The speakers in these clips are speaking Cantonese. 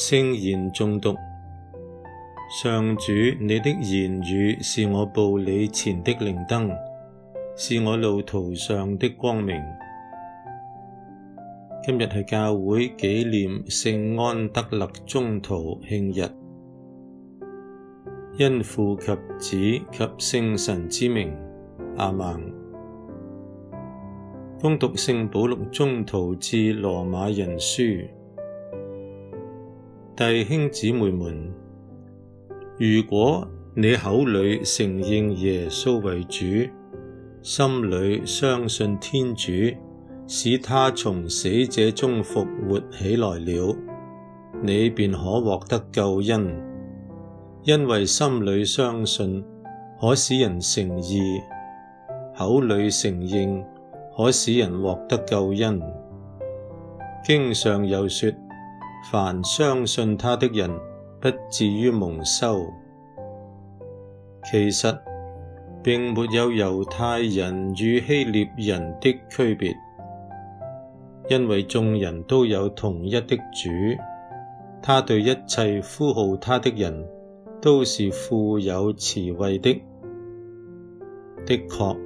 聖言誦讀，上主，你的言語是我步履前的靈燈，是我路途上的光明。今日係教會紀念聖安德肋宗徒慶日，因父及子及聖神之名，阿門。恭讀聖保祿宗徒致羅馬人書。弟兄姊妹們，如果你口裏承認耶穌為主，心裏相信天主，使他從死者中復活起來了，你便可獲得救恩，因為心裏相信可使人成義，口裏承認可使人獲得救恩。經上又說。凡相信他的人，不致於蒙羞。其實，並沒有猶太人與希臘人的區別，因為眾人都有同一的主。他對一切呼號他的人，都是富有慈惠的。的確，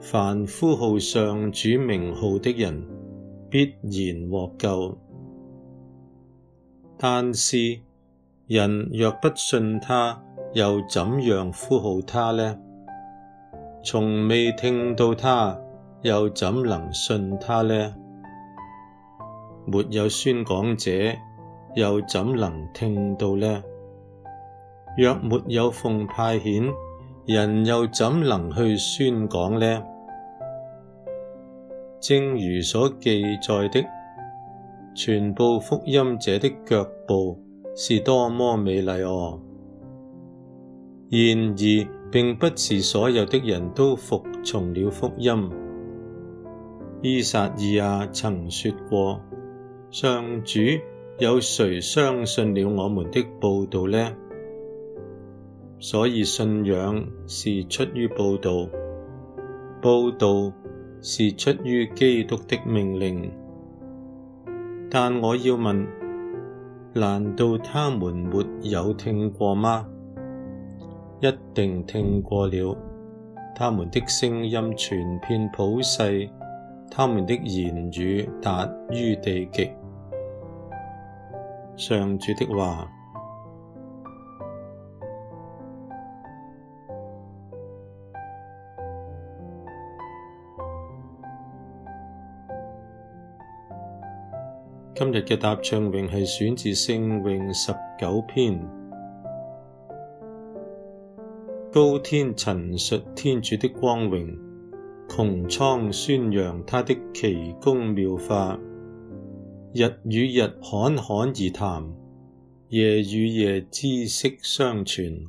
凡呼號上主名號的人，必然獲救。但是，人若不信他，又怎樣呼號他呢？從未聽到他，又怎能信他呢？沒有宣講者，又怎能聽到呢？若沒有奉派遣，人又怎能去宣講呢？正如所記載的。傳佈福音者的腳步是多麼美麗哦、啊！然而，並不是所有的人都服從了福音。依撒意亞曾說過：上主，有誰相信了我們的報道呢？所以信仰是出於報道，報道是出於基督的命令。但我要問，難道他們沒有聽過嗎？一定聽過了，他們的聲音傳遍普世，他們的言語達於地極，上主的話。今日嘅答唱詠係選自聖詠十九篇，高天陳述天主的光榮，穹蒼宣揚他的奇工妙化。日與日侃侃而談，夜與夜知識相傳，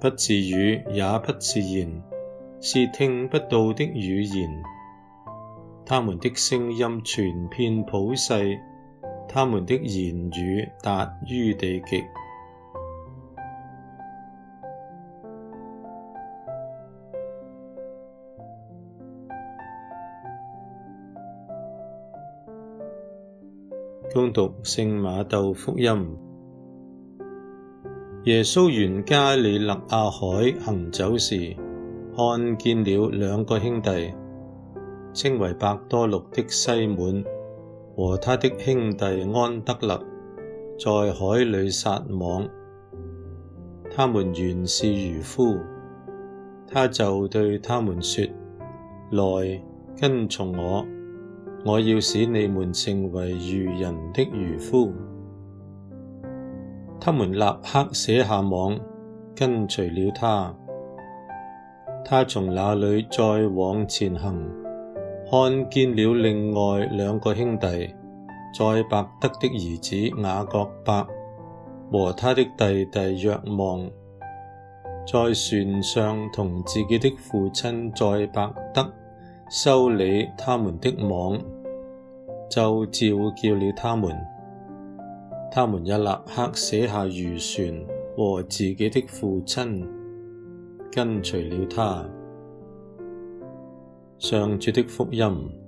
不自語也不自言。是聽不到的語言，他們的聲音傳遍普世，他們的言語達於地極。恭讀聖瑪竇福音：耶穌沿加里肋亞海行走時。看見了兩個兄弟，稱為伯多祿的西滿和他的兄弟安德肋在海裏撒網。他們原是漁夫，他就對他們說：來，跟從我，我要使你們成為漁人的漁夫。他們立刻捨下網，跟隨了他。他從那裏再往前行，看見了另外兩個兄弟，載伯德的兒子雅各伯和他的弟弟若望，在船上同自己的父親載伯德修理他們的網，就召叫了他們，他們也立刻捨下漁船和自己的父親。跟隨了他。上主的福音。